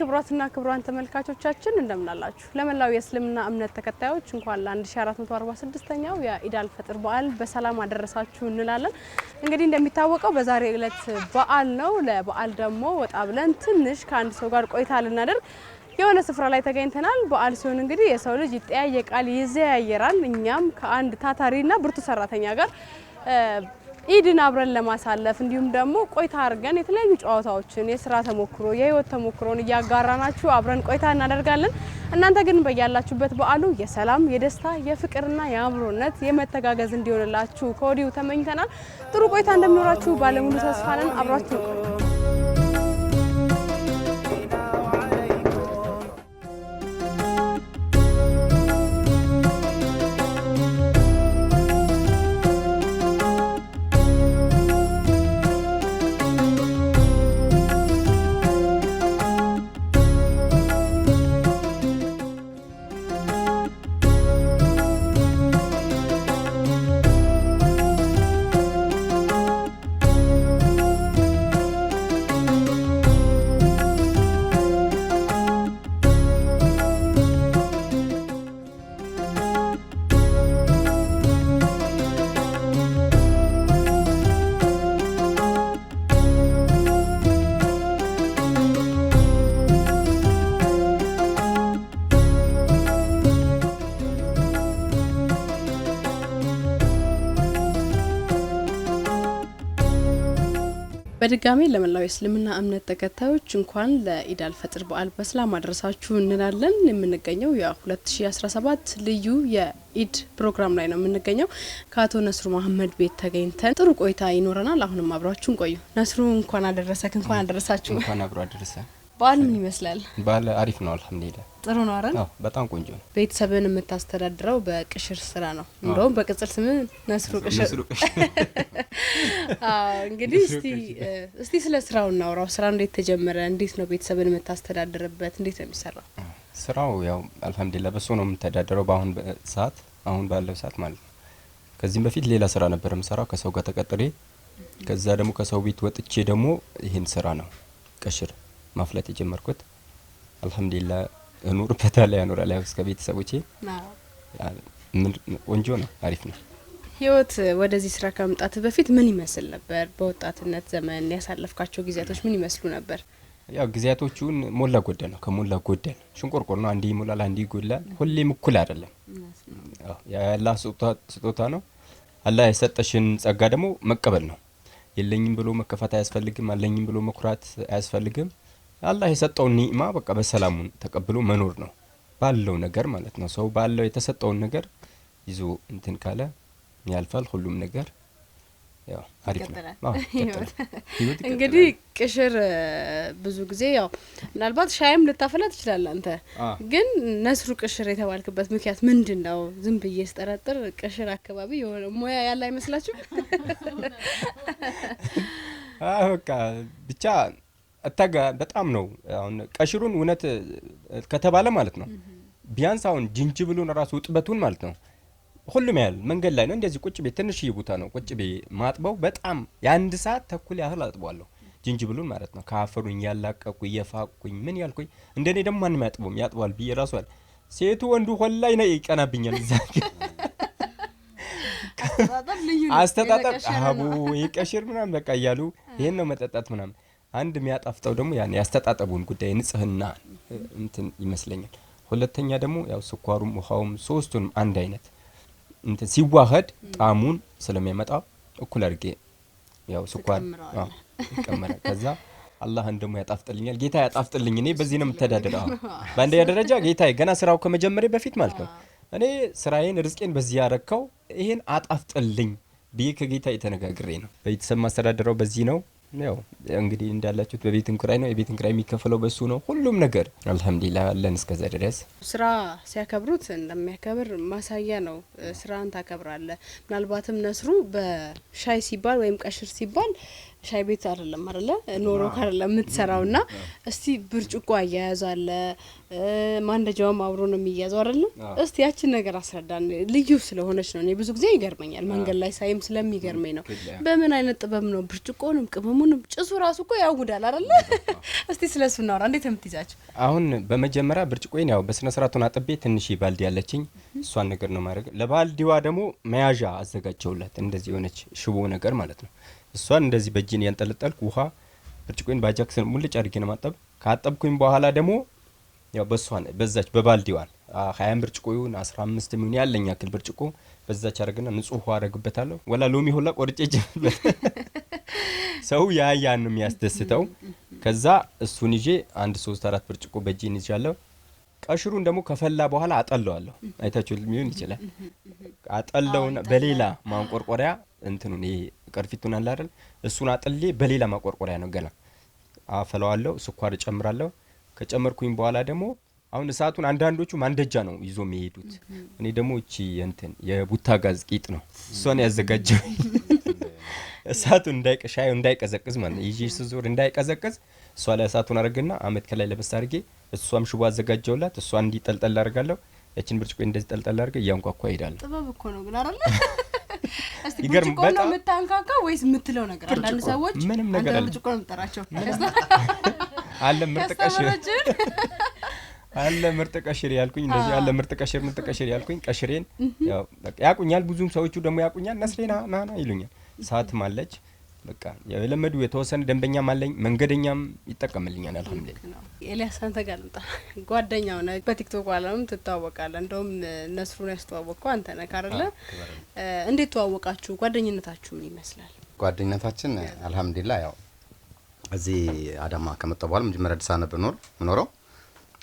ክብሯትና ክቡራን ተመልካቾቻችን እንደምናላችሁ ለመላው የእስልምና እምነት ተከታዮች እንኳን ለ1446ኛው የኢዳል ፈጥር በዓል በሰላም አደረሳችሁ እንላለን። እንግዲህ እንደሚታወቀው በዛሬ ዕለት በዓል ነው። ለበዓል ደግሞ ወጣ ብለን ትንሽ ከአንድ ሰው ጋር ቆይታ ልናደርግ የሆነ ስፍራ ላይ ተገኝተናል። በዓል ሲሆን እንግዲህ የሰው ልጅ ይጠያየቃል፣ ይዘያየራል። እኛም ከአንድ ታታሪና ብርቱ ሰራተኛ ጋር ኢድን አብረን ለማሳለፍ እንዲሁም ደግሞ ቆይታ አድርገን የተለያዩ ጨዋታዎችን፣ የስራ ተሞክሮ፣ የህይወት ተሞክሮን እያጋራናችሁ አብረን ቆይታ እናደርጋለን። እናንተ ግን በያላችሁበት በዓሉ የሰላም የደስታ የፍቅርና የአብሮነት የመተጋገዝ እንዲሆንላችሁ ከወዲሁ ተመኝተናል። ጥሩ ቆይታ እንደሚኖራችሁ ባለሙሉ ተስፋ ነን። አብራችሁ በድጋሚ ለመላው የእስልምና እምነት ተከታዮች እንኳን ለኢዳል ፈጥር በዓል በሰላም አድረሳችሁ እንላለን። የምንገኘው የ2017 ልዩ የኢድ ፕሮግራም ላይ ነው የምንገኘው። ከአቶ ነስሩ መሀመድ ቤት ተገኝተን ጥሩ ቆይታ ይኖረናል። አሁንም አብራችሁን ቆዩ። ነስሩ፣ እንኳን አደረሰክ። እንኳን አደረሳችሁ። እንኳን አብሮ አደረሰ። በዓል ምን ይመስላል? በዓል አሪፍ ነው፣ አልሐምዱሊላህ ጥሩ ነው። አረን በጣም ቆንጆ ነው። ቤተሰብን የምታስተዳድረው በቅሽር ስራ ነው። እንደውም በቅጽል ስም ነስሩ ቅሽር እንግዲህ እስቲ ስለ ስራው እናውራው። ስራ እንዴት ተጀመረ? እንዴት ነው ቤተሰብን የምታስተዳድርበት? እንዴት ነው የሚሰራው ስራው? ያው አልሐምዱሊላ በሱ ነው የምተዳደረው በአሁን ሰዓት፣ አሁን ባለው ሰዓት ማለት ነው። ከዚህም በፊት ሌላ ስራ ነበር የምሰራው ከሰው ጋር ተቀጥሬ፣ ከዛ ደግሞ ከሰው ቤት ወጥቼ ደግሞ ይህን ስራ ነው ቀሽር ማፍለት የጀመርኩት። አልሐምዱሊላ እኖርበታለሁ፣ ያኖራል ያው እስከ ቤተሰቦቼ ቆንጆ ነው፣ አሪፍ ነው። ህይወት ወደዚህ ስራ ከመምጣት በፊት ምን ይመስል ነበር? በወጣትነት ዘመን ያሳለፍካቸው ጊዜያቶች ምን ይመስሉ ነበር? ያው ጊዜያቶቹን ሞላ ጎደል ነው። ከሞላ ጎደል ሽንቆርቆር ነው። አንዴ ይሞላል፣ አንዴ ይጎላል። ሁሌም እኩል አይደለም። የአላህ ስጦታ ነው። አላህ የሰጠሽን ጸጋ ደግሞ መቀበል ነው። የለኝም ብሎ መከፋት አያስፈልግም። አለኝም ብሎ መኩራት አያስፈልግም። አላህ የሰጠውን ኒዕማ በቃ በሰላሙን ተቀብሎ መኖር ነው። ባለው ነገር ማለት ነው። ሰው ባለው የተሰጠውን ነገር ይዞ እንትን ካለ ያልፋል ሁሉም ነገር ያው አሪፍ ነው። እንግዲህ ቅሽር ብዙ ጊዜ ያው ምናልባት ሻይም ልታፈላ ትችላል። አንተ ግን ነስሩ ቅሽር የተባልክበት ምክንያት ምንድን ነው? ዝም ብዬ ስጠረጥር ቅሽር አካባቢ የሆነ ሙያ ያለ አይመስላችሁ? በቃ ብቻ እታጋ በጣም ነው። አሁን ቀሽሩን እውነት ከተባለ ማለት ነው ቢያንስ አሁን ጅንጅብሉን ራሱ ውጥበቱን ማለት ነው ሁሉም ያህል መንገድ ላይ ነው። እንደዚህ ቁጭ ቤ ትንሽዬ ቦታ ነው ቁጭ ቤ ማጥበው በጣም የአንድ ሰዓት ተኩል ያህል አጥበዋለሁ። ጅንጅብሉን ማለት ነው። ከአፈሩኝ ያላቀቁ እየፋቁኝ ምን ያልኩኝ እንደኔ ደግሞ ማንም ያጥበውም ያጥቧል ብዬ ራሱ ሴቱ ወንዱ ሆላይ ነው ይቀናብኛል። እዛ አስተጣጠብ አቡ ይቀሽር ምናምን በቃ እያሉ ይሄን ነው መጠጣት ምናምን። አንድ የሚያጣፍጠው ደግሞ ያን ያስተጣጠቡን ጉዳይ ንጽህና እንትን ይመስለኛል። ሁለተኛ ደግሞ ያው ስኳሩም ውሃውም ሶስቱንም አንድ አይነት ሲዋሀድ ጣዕሙን ስለሚያመጣ እኩል አድርጌ ያው ስኳር ይቀመራል። ከዛ አላህን ደግሞ ያጣፍጥልኛል። ጌታ ያጣፍጥልኝ። እኔ በዚህ ነው የምተዳደረው። በአንደኛ ደረጃ ጌታ ገና ስራው ከመጀመሪ በፊት ማለት ነው እኔ ስራዬን ርዝቄን በዚህ ያረካው ይሄን አጣፍጥልኝ ብዬ ከጌታ የተነጋግሬ ነው። ቤተሰብ ማስተዳደረው በዚህ ነው። ያው እንግዲህ እንዳላችሁት በቤትን ክራይ ነው። የቤትን ክራይ የሚከፈለው በሱ ነው። ሁሉም ነገር አልሐምዱሊላ አለን እስከዛ ድረስ። ስራ ሲያከብሩት እንደሚያከብር ማሳያ ነው። ስራን ታከብራለ። ምናልባትም ነስሩ በሻይ ሲባል ወይም ቀሽር ሲባል ሻይ ቤት አይደለም አይደለ ኖሮ ካለ የምትሰራው ና እስቲ ብርጭቆ አያያዝ አለ ማንደጃውም አብሮ ነው የሚያዘው አለ እስቲ ያችን ነገር አስረዳን ልዩ ስለሆነች ነው እኔ ብዙ ጊዜ ይገርመኛል መንገድ ላይ ሳይም ስለሚገርመኝ ነው በምን አይነት ጥበብ ነው ብርጭቆንም ቅመሙንም ጭሱ ራሱ እኮ ያውዳል አይደለ እስቲ ስለሱ እናውራ እንዴት የምትይዛቸው አሁን በመጀመሪያ ብርጭቆን ያው በስነ ስርዓቱን አጥቤ ትንሽ ባልዲ ያለችኝ እሷን ነገር ነው ማድረግ ለባልዲዋ ደግሞ መያዣ አዘጋጀውላት እንደዚህ የሆነች ሽቦ ነገር ማለት ነው እሷን እንደዚህ በእጅን ያንጠለጠልኩ ውሃ ብርጭቆን ባጃክሰን ሙልጭ አድርጌ ነው ማጠብ። ካጠብኩኝ በኋላ ደግሞ ያው በሷን በዛች በባልዲዋን ሀያን ብርጭቆ ይሁን አስራ አምስት የሚሆን ያለኝ ያክል ብርጭቆ በዛች አደረግና ንጹህ ውሃ አደረግበታለሁ። ወላ ሎሚ ሁላ ቆርጬ ጀምበት ሰው ያ ያን የሚያስደስተው ከዛ እሱን ይዤ አንድ ሶስት አራት ብርጭቆ በእጄን ይዣለሁ። ቀሽሩን ደግሞ ከፈላ በኋላ አጠለዋለሁ። አይታችሁ ሊሆን ይችላል። አጠለውና በሌላ ማንቆርቆሪያ እንትኑን ይሄ ቅርፊቱን አለ አይደል? እሱን አጥሌ በሌላ ማቆርቆሪያ ነው ገና አፈለዋለሁ። ስኳር እጨምራለሁ። ከጨመርኩኝ በኋላ ደግሞ አሁን እሳቱን አንዳንዶቹ ማንደጃ ነው ይዞ የሚሄዱት። እኔ ደግሞ እቺ እንትን የቡታ ጋዝ ቂጥ ነው እሷን ያዘጋጀው እሳቱ እንዳይቀ ሻዩ እንዳይቀዘቅዝ ማለት ነው። ይዤ ስዞር እንዳይቀዘቅዝ እሷ ላይ እሳቱን አድርግና አመት ከላይ ለበስ አድርጌ እሷም ሽቦ አዘጋጀውላት እሷ እንዲጠልጠል አድርጋለሁ። እችን ብርጭቆ እንደዚህ ጠልጠል አድርገ እያንኳኳ ይሄዳለሁ። ጥበብ እኮ ነው ግን አይደለ? እስቲ ብርጭቆ ነው ወይስ የምትለው ነገር? አንዳንድ ሰዎች ምንም ነገር ብርጭቆ ነው የምጠራቸው አለ ምርጥ ቀሽር አለ ምርጥ ያልኩኝ እንደዚህ አለ ምርጥ ቀሽር ምርጥ ያልኩኝ ቀሽሬን ያው ያቁኛል። ብዙም ሰዎቹ ደግሞ ያቁኛል። ነስሌና ና ይሉኛል። ሳትም አለች በቃ የለመዱ የተወሰነ ደንበኛም አለኝ፣ መንገደኛም ይጠቀምልኛል። አልሐምዱሊላህ። ኤልያስ አንተ ጋር ልምጣ። ጓደኛው ነህ፣ በቲክቶክ አለም ትተዋወቃለህ። እንደውም ነስሩን ያስተዋወቅከው አንተ ነህ አይደለ? እንዴት ተዋወቃችሁ? ጓደኝነታችሁ ምን ይመስላል? ጓደኝነታችን አልሐምዱሊላህ፣ ያው እዚህ አዳማ ከመጣሁ በኋላ መጀመሪያ አዲስ አበባ ነበር የምኖረው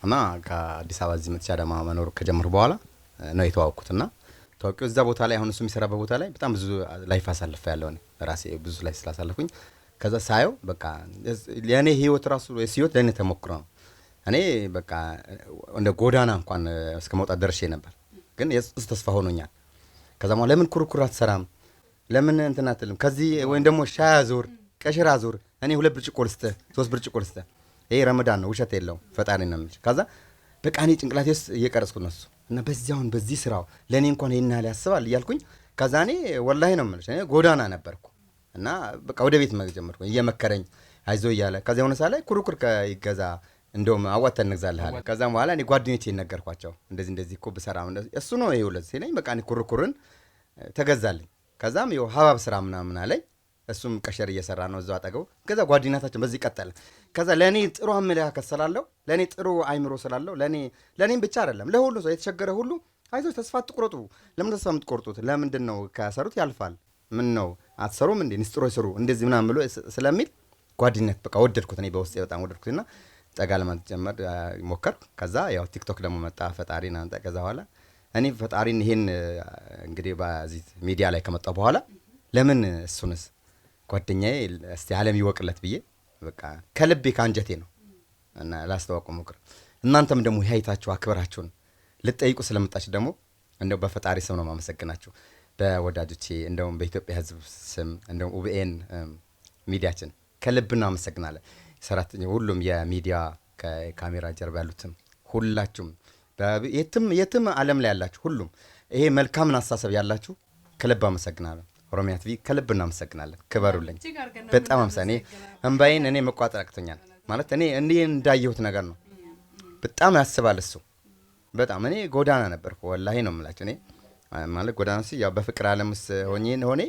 እና ከአዲስ አበባ እዚህ መጥቼ አዳማ መኖር ከጀመርኩ በኋላ ነው የተዋወቅኩትና ታዋቂው እዛ ቦታ ላይ አሁን እሱ የሚሰራበት ቦታ ላይ በጣም ብዙ ላይፍ አሳልፈ ያለው ነው ራሴ ብዙ ላይ ስላሳለፉኝ ከዛ ሳየው በቃ ለእኔ ህይወት ራሱ ህይወት ለእኔ ተሞክሮ ነው። እኔ በቃ እንደ ጎዳና እንኳን እስከ መውጣት ደርሼ ነበር፣ ግን የጽሱ ተስፋ ሆኖኛል። ከዛ ለምን ኩርኩር አትሰራም? ለምን እንትን አትልም? ከዚህ ወይም ደግሞ ሻይ ዞር፣ ቀሽራ አዙር፣ እኔ ሁለት ብርጭቆ ልስጥህ፣ ሶስት ብርጭቆ ልስጥህ። ይሄ ረመዳን ነው፣ ውሸት የለውም። ፈጣሪ ነው የሚልሽ። ከዛ በቃ እኔ ጭንቅላቴ ውስጥ እየቀረጽኩ ነሱ እና በዚያውን በዚህ ስራው ለእኔ እንኳን ይህን ያህል ያስባል እያልኩኝ ከዛ እኔ ወላሂ ነው የምልሽ ጎዳና ነበርኩ እና በቃ ወደ ቤት መጀመርኩ እየመከረኝ አይዞ እያለ ከዚያ ሆነ ላይ ኩርኩር ይገዛ እንደውም አዋተ እንግዛልሃል። ከዛም በኋላ እኔ ጓደኞቼ ነገርኳቸው እንደዚህ እንደዚህ እኮ ብሰራ እሱ ነው ይውለ ሲለኝ በቃ እኔ ኩርኩርን ተገዛልኝ። ከዛም ይኸው ሀባብ ስራ ምናምን አለኝ። እሱም ቀሸር እየሰራ ነው እዛው አጠገቡ። ከዛ ጓደኝነታችን በዚህ ቀጠለ። ከዛ ለእኔ ጥሩ አመለካከት ስላለው፣ ለእኔ ጥሩ አይምሮ ስላለው፣ ለእኔም ብቻ አይደለም ለሁሉ ሰው የተቸገረ ሁሉ አይዞች ተስፋ አትቁረጡ። ለምን ተስፋ የምትቆርጡት? ለምንድን ነው ከሰሩት ያልፋል። ምን ነው አትሰሩም እንዴ ንስጥሮ ይስሩ እንደዚህ ምናምን ብሎ ስለሚል ጓደኝነት በቃ ወደድኩት። እኔ በውስጤ በጣም ወደድኩት ና ጠጋ ለማለት ጀመር ሞከር ከዛ ያው ቲክቶክ ደግሞ መጣ ፈጣሪ ናንጠ ከዛ በኋላ እኔ ፈጣሪን ይሄን እንግዲህ በዚህ ሚዲያ ላይ ከመጣው በኋላ ለምን እሱንስ ጓደኛዬ እስቲ አለም ይወቅለት ብዬ በቃ ከልቤ ከአንጀቴ ነው እና ላስተዋውቅ ሞክር። እናንተም ደግሞ ያይታችሁ አክብራችሁን ልጠይቁ ስለመጣችሁ ደግሞ እንደው በፈጣሪ ስም ነው ማመሰግናችሁ። በወዳጆቼ እንደውም በኢትዮጵያ ህዝብ ስም እንደውም ኡብኤን ሚዲያችን ከልብ እናመሰግናለን። ሰራተኛ፣ ሁሉም የሚዲያ ከካሜራ ጀርባ ያሉትም ሁላችሁም፣ የትም የትም ዓለም ላይ ያላችሁ ሁሉም ይሄ መልካምን አስተሳሰብ ያላችሁ ከልብ አመሰግናለን ኦሮሚያ ቲቪ ከልብ እናመሰግናለን። ክበሩልኝ። በጣም አምሳ እኔ እምባዬን እኔ መቋጠር አቅቶኛል። ማለት እኔ እንዲህ እንዳየሁት ነገር ነው። በጣም ያስባል እሱ። በጣም እኔ ጎዳና ነበርኩ ወላሂ ነው የምላችሁ እኔ ማለት ጎዳና ስ ያው በፍቅር ዓለም ውስጥ ሆኜ ሆኔ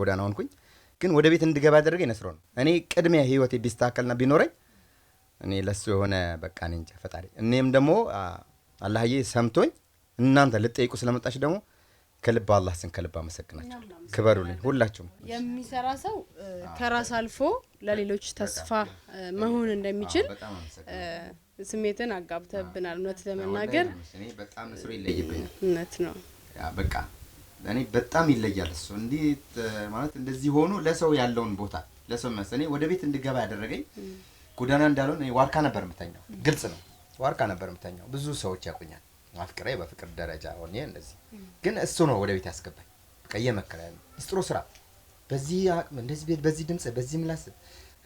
ጎዳና ሆንኩኝ። ግን ወደ ቤት እንድገባ ያደረገ ነስሮ ነው። እኔ ቅድሚያ ህይወቴ ቢስተካከልና ቢኖረኝ እኔ ለሱ የሆነ በቃ እኔ እንጃ ፈጣሪ እኔም ደግሞ አላህዬ ሰምቶኝ እናንተ ልጠይቁ ስለመጣች ደግሞ ከልብ አላህ ስን ከልብ አመሰግናቸው። ክበሩልኝ ሁላችሁም። የሚሰራ ሰው ከራስ አልፎ ለሌሎች ተስፋ መሆን እንደሚችል ስሜትን አጋብተብናል። እውነት ለመናገር በጣም ስሩ ይለይብኛል። እውነት ነው። በቃ እኔ በጣም ይለያል እሱ እንዴት ማለት እንደዚህ ሆኖ ለሰው ያለውን ቦታ ለሰው መስ እኔ ወደ ቤት እንድገባ ያደረገኝ ጎዳና እንዳልሆን ዋርካ ነበር የምተኛው። ግልጽ ነው፣ ዋርካ ነበር የምተኛው። ብዙ ሰዎች ያቁኛል፣ አፍቅሬ በፍቅር ደረጃ ሆኜ እንደዚህ። ግን እሱ ነው ወደ ቤት ያስገባኝ። ቀየ መከራ ያለ ስጥሮ ስራ፣ በዚህ አቅም፣ እንደዚህ ቤት፣ በዚህ ድምፅ፣ በዚህ ምላስ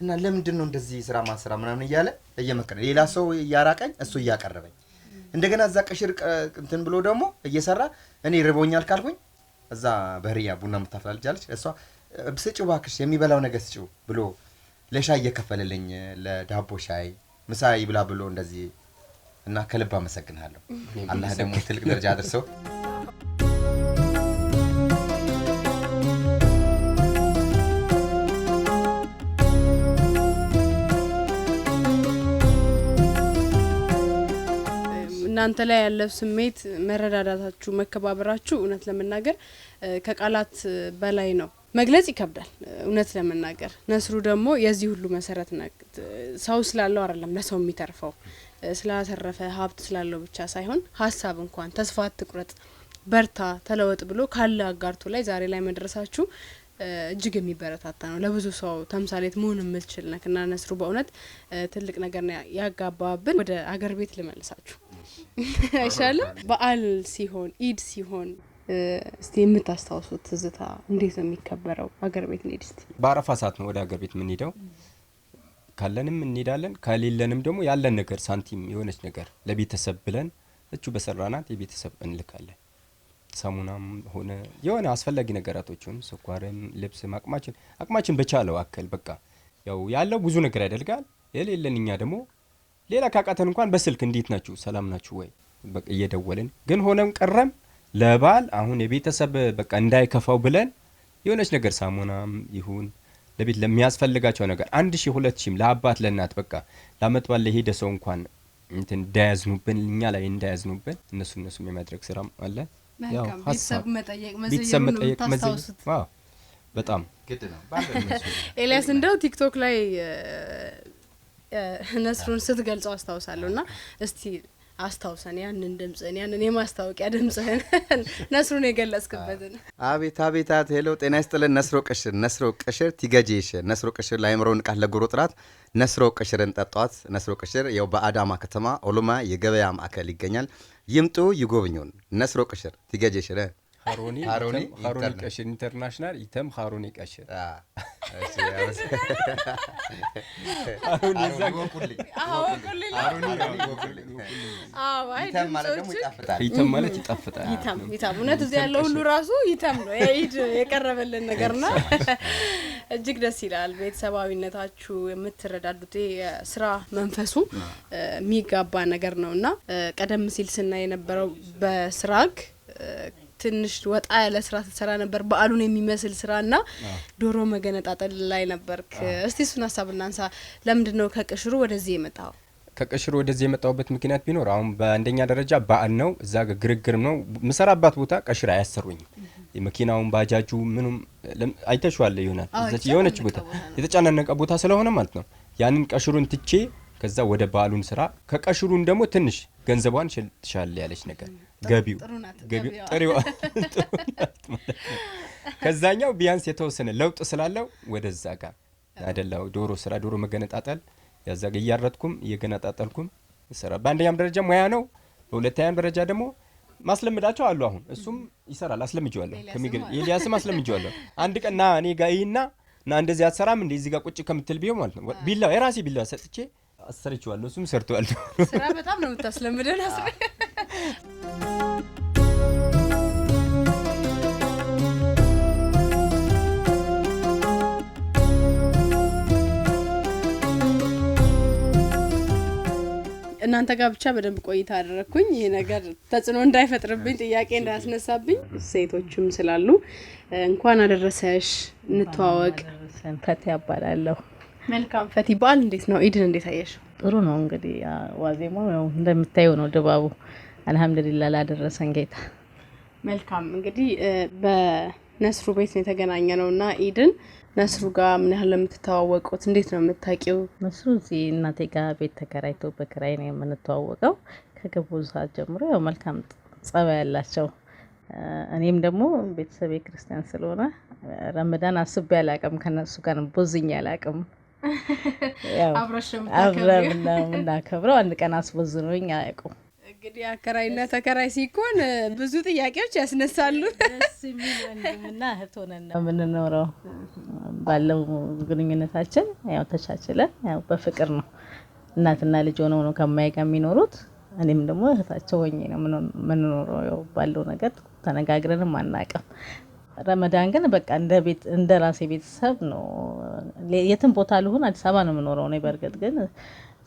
እና ለምንድን ነው እንደዚህ ስራ ማስራ ምናምን እያለ እየመከረ ሌላ ሰው እያራቀኝ እሱ እያቀረበኝ እንደገና እዛ ቀሽር እንትን ብሎ ደግሞ እየሰራ እኔ ርቦኛል ካልኩኝ እዛ በህርያ ቡና የምታፈላ ልጅ አለች። እሷ ስጭው እባክሽ የሚበላው ነገር ስጭው ብሎ ለሻይ እየከፈለልኝ ለዳቦ ሻይ ምሳ ይብላ ብሎ እንደዚህ እና ከልብ አመሰግንሃለሁ። አላህ ደግሞ ትልቅ ደረጃ አድርሰው። እናንተ ላይ ያለው ስሜት መረዳዳታችሁ፣ መከባበራችሁ እውነት ለመናገር ከቃላት በላይ ነው። መግለጽ ይከብዳል። እውነት ለመናገር ነስሩ ደግሞ የዚህ ሁሉ መሰረት ነው። ሰው ስላለው አይደለም ለሰው የሚተርፈው ስላተረፈ ሀብት ስላለው ብቻ ሳይሆን ሀሳብ እንኳን ተስፋ አትቁረጥ፣ በርታ፣ ተለወጥ ብሎ ካለ አጋርቶ ላይ ዛሬ ላይ መድረሳችሁ እጅግ የሚበረታታ ነው። ለብዙ ሰው ተምሳሌት መሆን የምትችል ነክና ነስሩ በእውነት ትልቅ ነገር ያጋባብን። ወደ አገር ቤት ልመልሳችሁ። አይሻልም? በዓል ሲሆን ኢድ ሲሆን እስቲ የምታስታውሱት ትዝታ እንዴት ነው የሚከበረው? አገር ቤት እንሂድ እስቲ። በአረፋ ሰዓት ነው ወደ አገር ቤት የምንሄደው። ካለንም እንሄዳለን፣ ከሌለንም ደግሞ ያለን ነገር ሳንቲም የሆነች ነገር ለቤተሰብ ብለን እቹ በሰራናት የቤተሰብ እንልካለን። ሳሙናም ሆነ የሆነ አስፈላጊ ነገራቶችን ስኳርም፣ ልብስ አቅማችን አቅማችን በቻለው አከል በቃ ያው ያለው ብዙ ነገር ያደርጋል። የሌለን እኛ ደግሞ ሌላ ካቃተን እንኳን በስልክ እንዴት ናችሁ ሰላም ናችሁ ወይ እየደወልን ግን ሆነም ቀረም ለባል አሁን የቤተሰብ በቃ እንዳይከፋው ብለን የሆነች ነገር ሳሙናም ይሁን ለቤት ለሚያስፈልጋቸው ነገር አንድ ሺህ ሁለት ሺህም ለአባት ለእናት በቃ ለአመት ባለ ለሄደ ሰው እንኳን እንትን እንዳያዝኑብን እኛ ላይ እንዳያዝኑብን እነሱ እነሱም የማድረግ ስራም አለ። ቤተሰብ መጠየቅ መዘየሩን በጣም ኤልያስ እንደው ቲክቶክ ላይ ነስሩን ስትገልጸው አስታውሳለሁ። እና እስቲ አስታውሰን ያንን ድምፅህን ያንን የማስታወቂያ ድምጽህን ነስሩን የገለጽክበትን። አቤት አቤታት። ሄሎ ጤና ይስጥልን። ነስሮ ቅሽር ነስሮ ቅሽር ቲገጄሽ ነስሮ ቅሽር ለአእምሮ ንቃት ለጉሮ ጥራት ነስሮ ቅሽርን ጠጧት። ነስሮ ቅሽር ያው በአዳማ ከተማ ኦሎማ የገበያ ማዕከል ይገኛል። ይምጡ ይጎብኙን። ነስሮ ቅሽር ቲገጄሽ ሀሮኒ ቀሽር ኢንተርናሽናል ኢተም ሃሮኒ ቀሽር ይተም ማለት ይጣፍጣል። እውነት እዚህ ያለው ሁሉ ራሱ ኢተም ነው። የኢድ የቀረበልን ነገርና እጅግ ደስ ይላል። ቤተሰባዊነታችሁ የምትረዳዱት የስራ መንፈሱ የሚጋባ ነገር ነው እና ቀደም ሲል ስናይ የነበረው በስራግ ትንሽ ወጣ ያለ ስራ ስትሰራ ነበር፣ በዓሉን የሚመስል ስራ እና ዶሮ መገነጣጠል ላይ ነበርክ። እስቲ እሱን ሀሳብ እናንሳ። ለምንድን ነው ከቅሽሩ ወደዚህ የመጣው? ከቅሽሩ ወደዚህ የመጣውበት ምክንያት ቢኖር አሁን በአንደኛ ደረጃ በዓል ነው፣ እዛ ግርግር ነው። ምሰራባት ቦታ ቀሽር አያሰሩኝም። መኪናውን ባጃጁ ምኑም አይተሸዋለ ይሆናል የሆነች ቦታ የተጨናነቀ ቦታ ስለሆነ ማለት ነው። ያንን ቀሽሩን ትቼ ከዛ ወደ በዓሉን ስራ ከቀሽሩን ደግሞ ትንሽ ገንዘቧን ትሻል ያለች ነገር ገቢው ጥሪው ከዛኛው ቢያንስ የተወሰነ ለውጥ ስላለው ወደዛ ጋር አደላው ዶሮ ስራ ዶሮ መገነጣጠል ያዛ ጋር እያረጥኩም እየገነጣጠልኩም ይሰራ። በአንደኛም ደረጃ ሙያ ነው። በሁለተኛም ደረጃ ደግሞ ማስለምዳቸው አሉ። አሁን እሱም ይሰራል። አስለምጀዋለሁ። ከሚገ ኤልያስም አስለምጀዋለሁ። አንድ ቀን ና እኔ ጋ ይህና እና እንደዚህ አትሰራም እንዴ እዚህ ጋር ቁጭ ከምትል ቢሆን ማለት ነው። ቢላ የራሴ ቢላ ሰጥቼ አሰርችዋለሁ። እሱም ሰርተዋለሁ። ስራ በጣም ነው የምታስለምደን እናንተ ጋር ብቻ በደንብ ቆይታ አደረግኩኝ። ይሄ ነገር ተጽዕኖ እንዳይፈጥርብኝ ጥያቄ እንዳያስነሳብኝ ሴቶችም ስላሉ እንኳን አደረሰሽ፣ እንተዋወቅ። ፈቲ ያባላለሁ። መልካም ፈቲ። በዓል እንዴት ነው? ኢድን እንዴት አየሽው? ጥሩ ነው እንግዲህ ዋዜማው እንደምታየው ነው ድባቡ አልሐምዱሊላ ላደረሰን ጌታ። መልካም እንግዲህ በነስሩ ቤት ነው የተገናኘ ነው እና ኢድን ነስሩ ጋር ምን ያህል የምትተዋወቁት? እንዴት ነው የምታውቂው? ነስሩ እዚህ እናቴ ጋር ቤት ተከራይቶ በክራይ ነው የምንተዋወቀው። ከገቡ ሰዓት ጀምሮ ያው መልካም ጸባይ ያላቸው እኔም ደግሞ ቤተሰቤ ክርስቲያን ስለሆነ ረመዳን አስቤ አላቅም፣ ከነሱ ጋር ቦዝኝ አላቅም። አብረን ነው የምናከብረው። አንድ ቀን አስቦዝኖኝ አያውቁም። እንግዲህ አከራይና ተከራይ ሲኮን ብዙ ጥያቄዎች ያስነሳሉ። ደስ የሚል እህት ሆነን ነው የምንኖረው። ባለው ግንኙነታችን ያው ተቻችለን ያው በፍቅር ነው እናትና ልጅ ሆነው ነው ከማይ ጋር የሚኖሩት። እኔም ደግሞ እህታቸው ሆኜ ነው የምንኖረው። ባለው ነገር ተነጋግረንም አናውቅም። ረመዳን ግን በቃ እንደ ቤት እንደ ራሴ ቤተሰብ ነው። የትም ቦታ ልሁን አዲስ አበባ ነው የምኖረው እኔ በእርግጥ ግን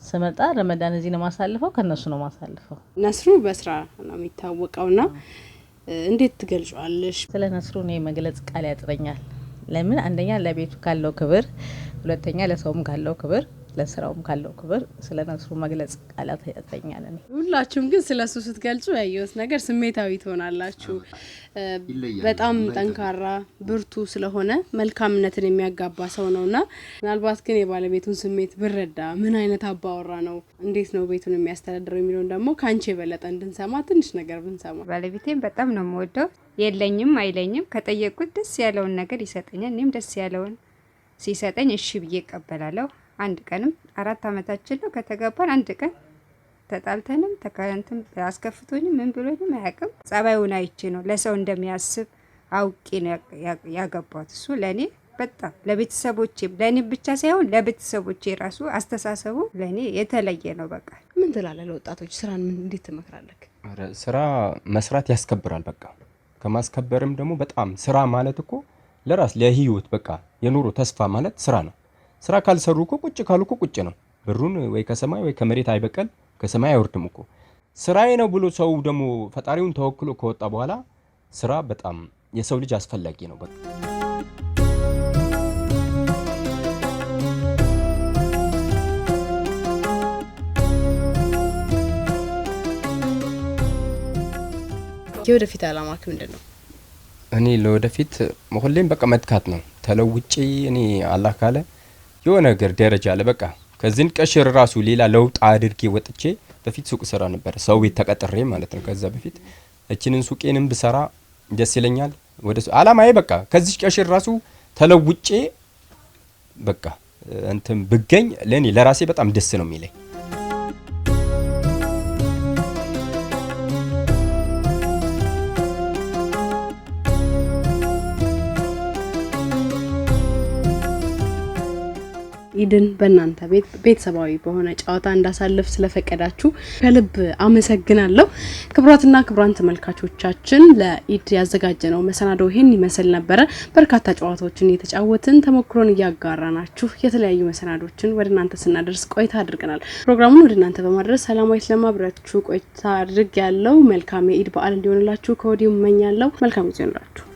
ስመጣ ረመዳን እዚህ ነው ማሳልፈው፣ ከእነሱ ነው ማሳልፈው። ነስሩ በስራ ነው የሚታወቀው ና እንዴት ትገልጿዋለሽ? ስለ ነስሩ እኔ መግለጽ ቃል ያጥረኛል። ለምን አንደኛ ለቤቱ ካለው ክብር፣ ሁለተኛ ለሰውም ካለው ክብር ለስራውም ካለው ክብር ስለ ነሱ መግለጽ ቃላት ያጠኛል። ሁላችሁም ግን ስለ እሱ ስትገልጹ ያየሁት ነገር ስሜታዊ ትሆናላችሁ። በጣም ጠንካራ ብርቱ ስለሆነ መልካምነትን የሚያጋባ ሰው ነው እና ምናልባት ግን የባለቤቱን ስሜት ብረዳ ምን አይነት አባወራ ነው፣ እንዴት ነው ቤቱን የሚያስተዳድረው የሚለውን ደግሞ ከአንቺ የበለጠ እንድንሰማ ትንሽ ነገር ብንሰማ። ባለቤቴን በጣም ነው የምወደው። የለኝም አይለኝም። ከጠየቁት ደስ ያለውን ነገር ይሰጠኛል። እኔም ደስ ያለውን ሲሰጠኝ እሺ ብዬ እቀበላለሁ። አንድ ቀንም አራት አመታችን ነው ከተገባን አንድ ቀን ተጣልተንም ተካንትም አስከፍቶኝም ምን ብሎኝም አያውቅም። ጸባዩን አይቼ ነው ለሰው እንደሚያስብ አውቄ ነው ያገባት። እሱ ለእኔ በጣም ለቤተሰቦቼም ለእኔ ብቻ ሳይሆን ለቤተሰቦቼ ራሱ አስተሳሰቡ ለእኔ የተለየ ነው። በቃ ምን ትላለህ? ለወጣቶች ስራን እንዴት ትመክራለህ? ስራ መስራት ያስከብራል። በቃ ከማስከበርም ደግሞ በጣም ስራ ማለት እኮ ለራስ ለህይወት በቃ የኑሮ ተስፋ ማለት ስራ ነው። ስራ ካልሰሩ እኮ ቁጭ ካሉ እኮ ቁጭ ነው። ብሩን ወይ ከሰማይ ወይ ከመሬት አይበቀል ከሰማይ አይወርድም እኮ ስራዬ ነው ብሎ ሰው ደግሞ ፈጣሪውን ተወክሎ ከወጣ በኋላ ስራ በጣም የሰው ልጅ አስፈላጊ ነው። በቃ የወደፊት አላማክ ምንድን ነው? እኔ ለወደፊት ሁሌም በቃ መትካት ነው ተለውጬ እኔ አላህ ካለ የሆነ ነገር ደረጃ አለ በቃ ከዚህን ቀሽር ራሱ ሌላ ለውጥ አድርጌ ወጥቼ በፊት ሱቅ ስራ ነበር፣ ሰው ቤት ተቀጥሬ ማለት ነው። ከዛ በፊት እችንን ሱቄንም ብሰራ ደስ ይለኛል። ወደ አላማዬ በቃ ከዚህ ቀሽር ራሱ ተለውጬ በቃ እንትን ብገኝ ለእኔ ለራሴ በጣም ደስ ነው የሚለኝ። ኢድን በእናንተ ቤተሰባዊ በሆነ ጨዋታ እንዳሳልፍ ስለፈቀዳችሁ ከልብ አመሰግናለሁ። ክቡራትና ክቡራን ተመልካቾቻችን ለኢድ ያዘጋጀነው መሰናዶ ይህን ይመስል ነበረ። በርካታ ጨዋታዎችን እየተጫወትን ተሞክሮን እያጋራናችሁ የተለያዩ መሰናዶችን ወደ እናንተ ስናደርስ ቆይታ አድርገናል። ፕሮግራሙን ወደ እናንተ በማድረስ ሰላማዊት ለማብሪያችሁ ቆይታ አድርግ ያለው መልካም የኢድ በዓል እንዲሆንላችሁ ከወዲሁ እመኛለሁ። መልካም ጊዜ